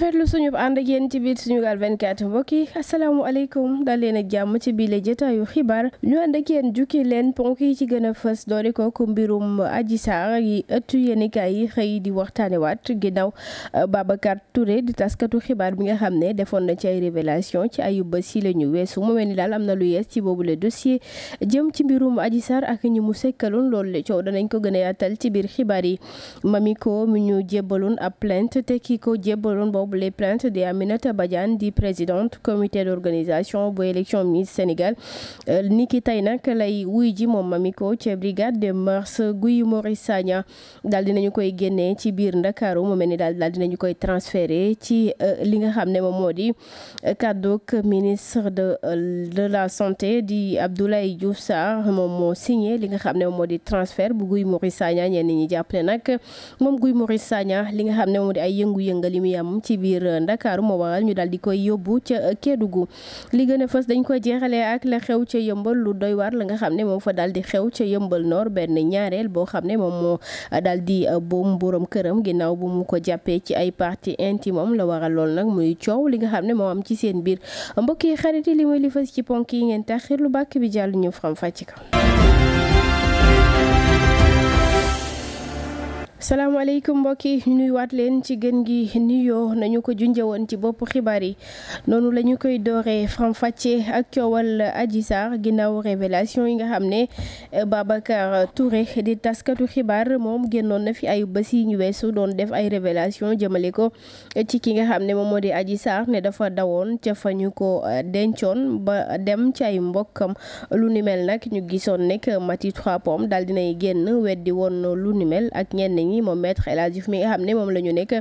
rafetlu suñu ànd ak ci biir Sunugal 24 mbokk yi asalaamaaleykum dal leen ak jàmm ci biir la jotaayu xibaar ñu ànd ak yéen jukki leen ponk yi ci gën a fës doore ko ku mbirum Adji Sarr yi ëttu yéenekaay yi xëy di waxtaane waxtaanewaat ginnaaw euh, Babacar Touré di taskatu xibaar bi nga xam ne defoon na ci ay révélation ci ayu bés yi la ñu weesu mu mel ni daal am na lu yees ci boobu le dossier jëm ci mbirum Adji Sarr ak ñi mu sekkaloon loolu la coow danañ ko gën a yaatal ci biir xibaar yi Mamiko mi ñu jébbaloon ab plainte te ki ko jébbaloon boobu boobule plainte di Aminata Badiane di présidente comité d'organisation bu élection Miss Sénégal euh, niki tey nag lay wuy ji moom mamiko ca brigade des mœurs Guy Marius Sagna daal dinañu koy génnee ci biir Ndakaaru mu mel ni daal daal dinañu koy transféré ci euh, li nga xam ne moom moo di euh, kàdduk ministre de de la santé di Abdoulaye Diouf Sarr moom moo signé li nga xam ne moom moo di transfert Guy Marius Sagna ñenn ñi jàppale nag moom Guy mori Sagna li nga xam ne moom di ay yëngu-yëngal yi mu yam ci biir Ndakaaru euh, moo waral ñu daal di koy yóbbu ca euh, Kédougou li gën a fës dañ koy jeexalee ak la xew ca yëmbal lu doy waar la nga xam ne moom fa daal di xew ca yëmbal noor benn ñaareel boo xam ne moom moo euh, daal di boom borom këram ginnaaw bu mu ko jàppee ci ay partie intime moom la waral lool nag muy coow li nga xam ne moom am ci seen biir mbokk yi xarit yi li li fës ci ponk yi ngeen taxir lu bàkk bi jàll ñu faram fàcc ko salaamaaleykum mbokk yi nuyuwaat leen ci gën gi nuyoo nañu ko junjee woon ci bopp xibaar yi noonu lañu koy dooree faram ak coowal Adji Sarr ginnaaw révélation yi nga xam ne eh, Babacar Touré di taskatu xibaar moom génnoon na fi ay bés yi ñu weesu doon def ay révélation jëmale ko eh, ci ki nga xam ne moom moo di Adji Sarr ne dafa dawoon ca fa ñu ko eh, dencoon ba dem ci ay mbokkam lu ni nag ñu gisoon nekk Mati Trois Pommes daal dinay génn weddi woon lu ni ak ñenn yi moom maître El Hadji Diouf mi nga xam ne moom la nekk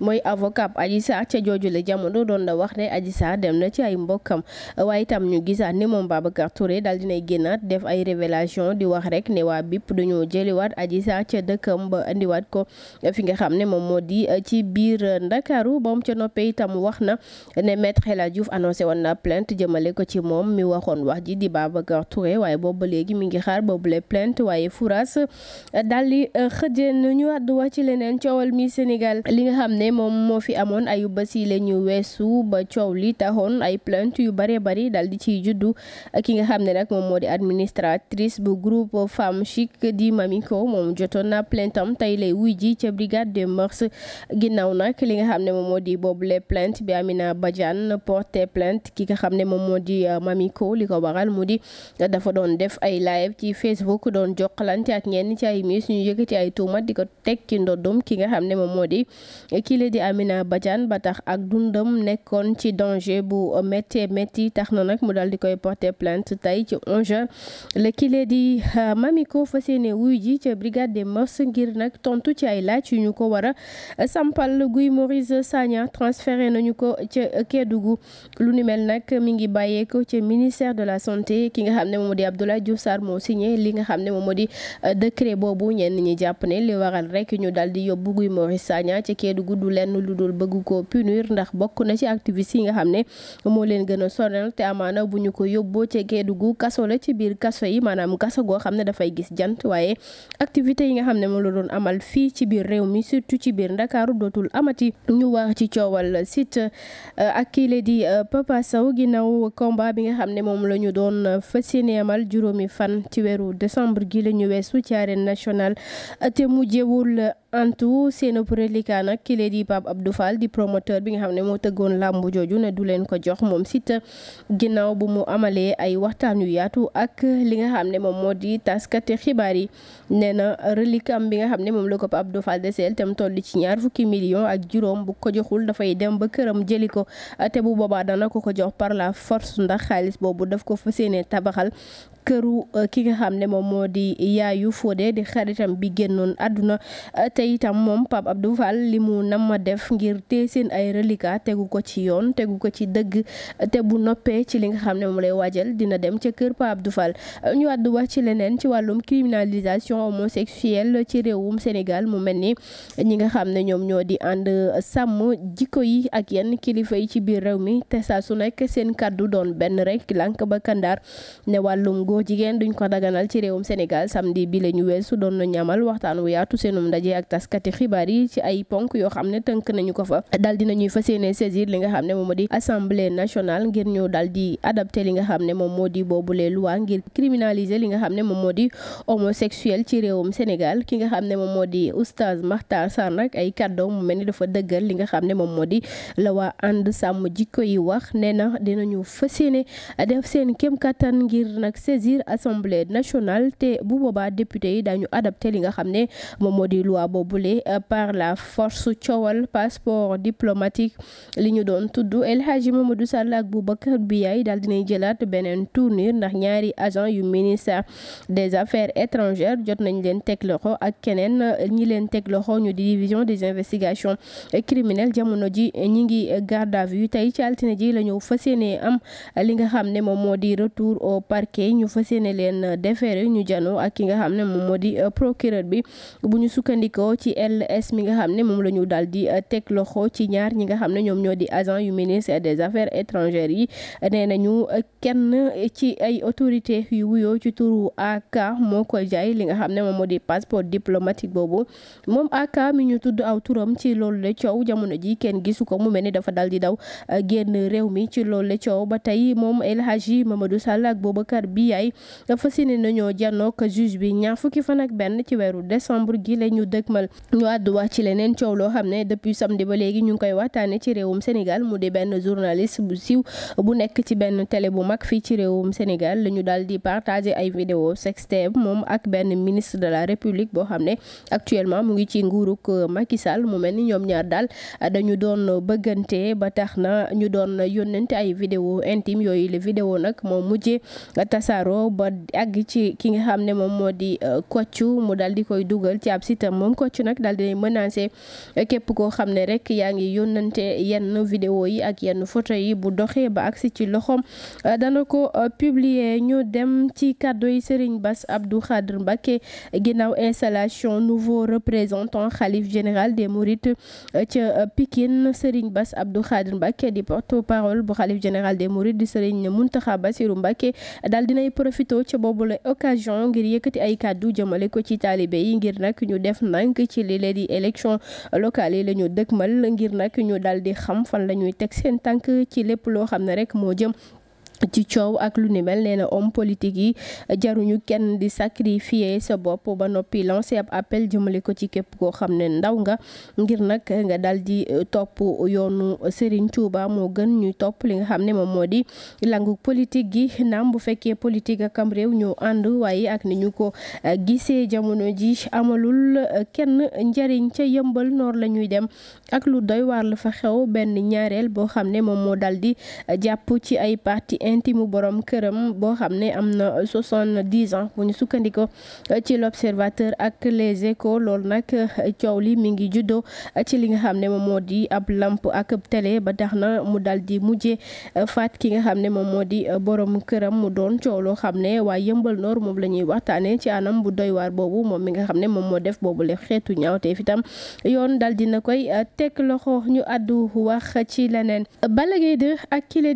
mooy avocat Adji Sarr ca jooju la jamono doon na wax ne Adji Sarr dem na ci ay mbokkam waaye itam ñu gisaat ne moom Babacar Touré daal dinay génnaat def ay révélation di wax rek ne waa bipp dañoo jëliwaat Adji Sarr ca dëkkam ba indiwaat ko fi nga xam ne moom moo di ci biir Ndakaaru moom ca noppee itam wax na ne maître El Hadji Diouf annoncé woon na plainte jëmale ko ci moom mi waxoon wax ji di Babacar Touré waaye boobu ba léegi mi ngi xaar boobu la plainte àddu wax ci leneen coowal mi Sénégal li nga xam ne moom moo fi amoon ayu basi la ñu weesu ba coow li taxoon ay plainte yu bare bari dal di ciy juddu ki nga xam ne nag moom moo di administratrice bu groupe femme chic di Mamiko moom jotoon na plainte am tey lay wuy ji ca brigade des mœurs ginnaaw nag li nga xam ne moom moo di boobu boobule plainte bi Amina Badiane porté plainte ki nga xam ne moom moo di euh, Mamiko li ko waral mu di dafa doon def ay live ci Facebook doon jokkalante ak ñenn ci ay miss ñu yëkkati ay tuuma di ko teg ci ndoddum ki nga xam ne moom moo di kile di Amina Badiane ba tax ak dundam nekkoon ci danger bu métti métti tax na nag mu daal di koy porter plainte tey ci 11 la le kile di euh, Mamiko fa yéene wuy ji ca brigade des mœurs ngir nag tontu ci ay laaj yu ñu ko war a sampal Guy Maurice Sagna transféré nañu ko a Kédougou lu ni nag mu ngi bàyyeeko ci ministère de la santé ki nga xam ne moom moo di Abdoulaye Diouf Sarr moo signé li nga xam ne moom moo di euh, décret rek ñu dal di yóbbu Guy Marius Sagna ca Kédougou du lenn lu dul bëgg ko punir ndax bokk na ci activiste yi nga xam ne moo leen gën a sonal te amaana bu ñu ko yóbboo ca Kédougou kaso la ci biir kaso yi maanaam kaso goo xam ne dafay gis jant waaye activité yi nga xam ne moo la doon amal fii ci biir réew mi surtout ci biir Ndakaaru dootul amati ñu wax ci coowal site euh, ak kii la di euh, Papa Sow ginnaaw combat bi nga xam ne moom la ñu doon fas yéene amal juróomi fan ci weeru décembre gi la ñu weesu ci arène nationale te mujjewu يقول antu seenu reliquat nag kile di Pape ab Fall di promoteur bi nga xam ne moo tëggoon làmbu jooju ne du leen ko jox moom si te ginnaaw bu mu amalee ay waxtaan yu yaatu ak li nga xam ne moom moo di taskati xibaar yi nee na reliquat bi nga xam ne moom la ko Pape Abdou Fall deseel tam toll ci ñaar fukki million ak juróom bu ko joxul dafay dem ba këram jëli ko te bu boobaa dana ko ko jox par la force ndax xaalis boobu def ko fa yéene tabaxal këru ki nga xam ne moom moo di yaayu foodee di xaritam bi génnoon àdduna te itam moom Pape Abdou Fall li mu nam def ngir tee seen ay reliquat tegu ko ci yoon tegu ko ci dëgg te bu noppee ci li nga xam ne moom lay waajal dina dem ca kër Pape Abdou Fall ñu wadd wax ci leneen ci wàllum criminalisation homosexuelle ci réewum Sénégal mu mel ni ñi nga xam ne ñoom ñoo di ànd sàmm jikko yi ak yenn kilifa yi ci biir réew mi te saa su nekk seen kàddu doon benn rekk lànk ba kandaar ne wàllum góor jigéen duñ ko daganal ci réewum Sénégal samedi bi la ñu weesu doon na ñamal waxtaan wu yaatu seenum ndaje ak ak taskati xibaar yi ci ay ponk yoo xam ne tënk nañu ko fa dal di nañuy fas yéene li nga xam ne moom moo di assemblée nationale ngir ñu dal di adapté li nga xam ne moom moo di boobule loi ngir criminaliser li nga xam ne moom moo di homosexuel ci réewum Sénégal ki nga xam ne moom moo di oustaz Makhtar Sarr nag ay kàddoom mu mel ni dafa dëggal li nga xam ne moom moo di la waa ànd sàmm jikko yi wax nee na dinañu fas yéene def seen kéem kattan ngir nag saisir assemblée nationale te bu boobaa député yi dañu adapté li nga xam ne moom boobule euh, par la force cowal passeport diplomatique li ñu doon tudd El Hadji Mamadou Sall ak Boubacar Biaye daal dinay jëlaat beneen tournure ndax ñaari agent yu ministère des affaires étrangères jot nañ leen teg loxo ak keneen euh, ñi leen teg ñu division des investigations criminelles jamono ji ñi ngi garde à vue tey ci altine ji la ñu fas yéene am li nga xam ne moom moo di retour au parquet ñu fas yéene leen déféré ñu jano ak ki nga xam ne moom di euh, procureur bi bu ñu sukkandikoo bàyyikoo ci LS mi nga xam ne moom la ñu daal di eh, teg loxo ci ñaar ñi nga xam ne ñoom ñoo di agent yu ministre des affaires étrangères yi nee nañu eh, kenn ci ay autorité yu wuyoo ci turu AK moo ko jaay li nga xam ne moom moo di passeport diplomatique boobu moom AK mi ñu tudd aw turam ci loolu la coow jamono ji kenn gisu ko mu mel ni dafa daal di daw eh, génn réew mi ci loolu la coow ba tey moom El Hadji Mamadou Sall ak Boubacar Biaye fas yéene nañoo janook juge bi ñaar fukki fan ak amal ñu àddu ci leneen coow loo xam ne depuis samedi ba léegi ñu ngi koy waxtaane ci réewum Sénégal mu di benn journaliste bu siiw bu nekk ci benn télé bu mag fii ci réewum Sénégal la ñu daal di partager ay vidéo sextape moom ak benn ministre de la République boo xam ne actuellement mu ngi ci nguuruk euh, Macky Sall mu mel ni ñoom ñaar daal dañu doon bëggante ba tax na ñu doon yónnante ay vidéo intime yooyu la vidéo nag moom mujjee tasaaro ba àgg ci ki nga xam ne moom moo di euh, koccu mu di koy dugal ci ab ci nag dal dinay menacer eh, képp koo xam ne rek yaa ngi yónnante yenn vidéo yi ak yenn foto yi bu doxee ba agsi ci loxoom eh, dana ko eh, publier ñu dem ci kàddu yi Serigne Bass Abdou Khadr Mbacké ginnaaw installation nouveau représentant xalif général de Mourides ca Pikine Serigne Bass Abdou Khadr Mbacké di porte-parole bu xalif général des Mourides di Serigne Mountakha Bassirou Mbacké daal dinay profité ci boobu la occasion ngir yëkkati ay kàddu jëmale ko ci taalibe yi ngir nag ñu def ndànk tënk ci li leen di élection locale yi la ñu dëkkmal ngir nag ñu daal di xam fan lañuy teg seen tànk ci lépp loo xam ne rek moo jëm ci coow ak lu ni mel nee na homme politique yi jaruñu kenn di sacrifier sa bopp ba noppi lancé ab appel jëmale ko ci képp koo xam ne ndaw nga ngir nag nga dal di euh, topp yoonu Serigne Touba moo gën ñuy topp li nga xam ne moom moo di langu politique gi naam bu fekkee politique ak am réew ñoo ànd waaye ak ni ñu ko euh, gisee jamono ji amalul euh, kenn njariñ ca yëmbal noor la ñuy dem ak lu doy waar la fa xew benn ñaareel boo xam ne moom moo dal jàpp ci ay parti intime borom këram boo xam ne am na soixante-dix ans bu ñu sukkandiko ci l'observateur ak les échos loolu nag coow li mi ngi juddoo ci li nga xam ne moom moo di ab lamp ak ab télé ba tax na mu dal di mujjee faat ki nga xam ne moom moo di borom këram mu doon coow loo xam ne waaye Yëmbal Noor moom la ñuy waxtaanee ci anam bu doy waar boobu moom mi nga xam ne moom moo def boobu le xeetu ñaawteef itam yoon dal na koy tek loxo ñu àddu wax ci leneen Balla Gaye ak kile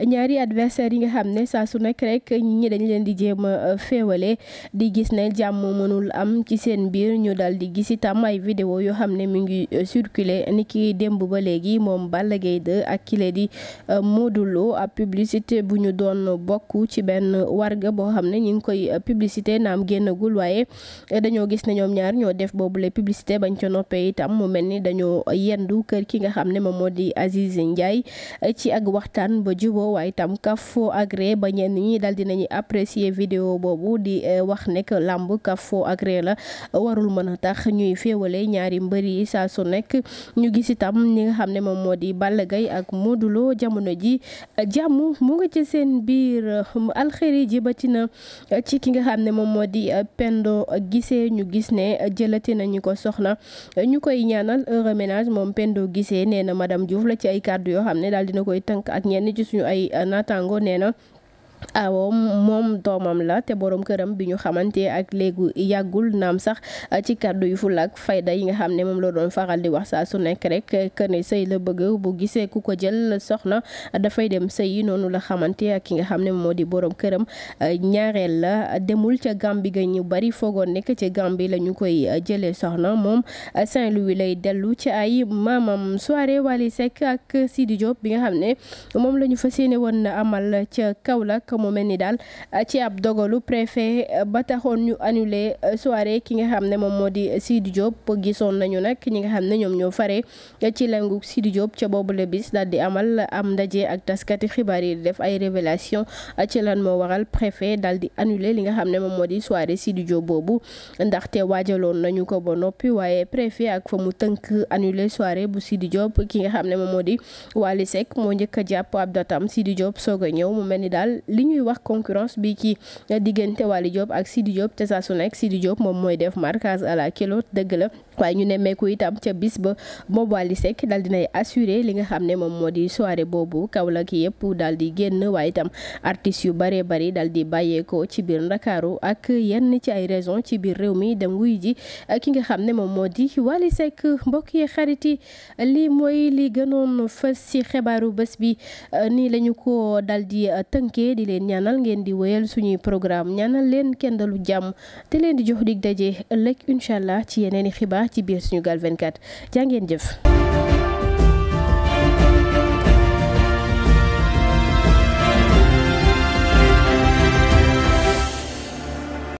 ñaari adversaire yi nga xam ne saa su nekk rek ñi dañu leen di jéem a euh, féewale di gis ne jàmm mënul am ci seen biir ñu dal di gis itam ay vidéo yoo xam ne mi ngi euh, circuler ni ki démb ba léegi moom Balla ak kile di euh, Modou Lo ab bu ñu doon bokk ci benn warga boo xam ne ñu ngi koy publicité naam génnagul waaye dañoo gis ne ñoom ñaar ñoo def boobule publicité bañ ca noppee itam mu mel ni dañoo yendu kër ki nga xam ne moom moo di Aziz Ndiaye ci ak waxtaan ba jubóo ko waaye itam kafo agré ba ñenn ñi daal dinañu apprécier vidéo boobu di eh, wax nekk làmb kafo agré la warul mën a tax ñuy féewale ñaari mbër yi saa su nekk ñu gis itam ñi nga xam ne moom moo di Balla Gaye ak Modou Lo jamono ji eh, jàmm mu nga ci seen biir eh, alxeri ji ba ci na ci ki nga xam ne moom moo di Pendo gisee ñu gis ne jëlati nañu ko soxna ñu koy ñaanal heureux ménage moom Pendo Guissé nee madame Diouf la ci ay kàddu yoo xam ne daal dina koy tënk ak ñenn ay naataango nee na awo moom doomam la te borom këram bi ñu xamante ak léegi yàggul naam sax ah, ci kàddu yi ful ak fayda yi nga xam ne moom la doon faral di wax saa su nekk rek ne sëy la bëgg bu gisee ku ko jël soxna dafay dem sëy noonu la xamante ak ki nga xam ne moo di borom këram ñaareel la demul ca Gàmbi ga ñu bari foogoon nekk ca Gàmbi la ñu koy ah, jëlee soxna moom ah, Saint-Louis lay dellu ci ay maamam soirée Wally Seck Sidi Diop bi nga xam ne moom la ñu fas yéene amal ca Kaolack mu mel ni daal eh, ci ab dogalu préfet eh, ba taxoon ñu annulé eh, soirée ki nga xam ne moom moo di Sidi Diop gisoon nañu nag ñi nga xam ne ñoom ñoo fare ci langu Sidi Diop ca boobu la bis daal di amal am ndaje ak taskati xibaar yi di def ay révélation ci lan moo waral préfet daal di annulé li nga xam ne moom moo di soirée Sidi Diop boobu ndaxte waajaloon nañu ko ba noppi waaye préfet ak fa mu tënk annulé soirée bu Sidi Diop ki nga xam ne moom moo di Wally moo njëkk jàpp ab datam Sidi Diop soog ñëw mu mel ni daal li ñuy wax concurrence bi ci diggante Waly Diop ak Sidi Diop te saa su nekk Sidi Diop moom mooy def marquage à la dëgg la waaye ñu nemmeeku itam ca bis ba moom Waly Seck daal li nga xam ne moom moo di soirée boobu Kaolack yëpp daal di génn waaye itam artistes yu baree bari daal di bàyyeekoo ci biir Ndakaaru ak yenn ci ay raison ci biir réew mi dem wuy ji ki nga xam ne moom moo di Waly Seck mbokk yi xarit yi lii mooy li gënoon fës ci xibaaru bés bi nii lañu ko daal di tënkee di leen ñaanal ngeen di wéyal suñuy programme ñaanal leen kendalu jàmm te leen di jox dig dajee ëllëg incha allah ci yeneen i xibaar ci biir Sunugal 24 jaa ngeen jëf.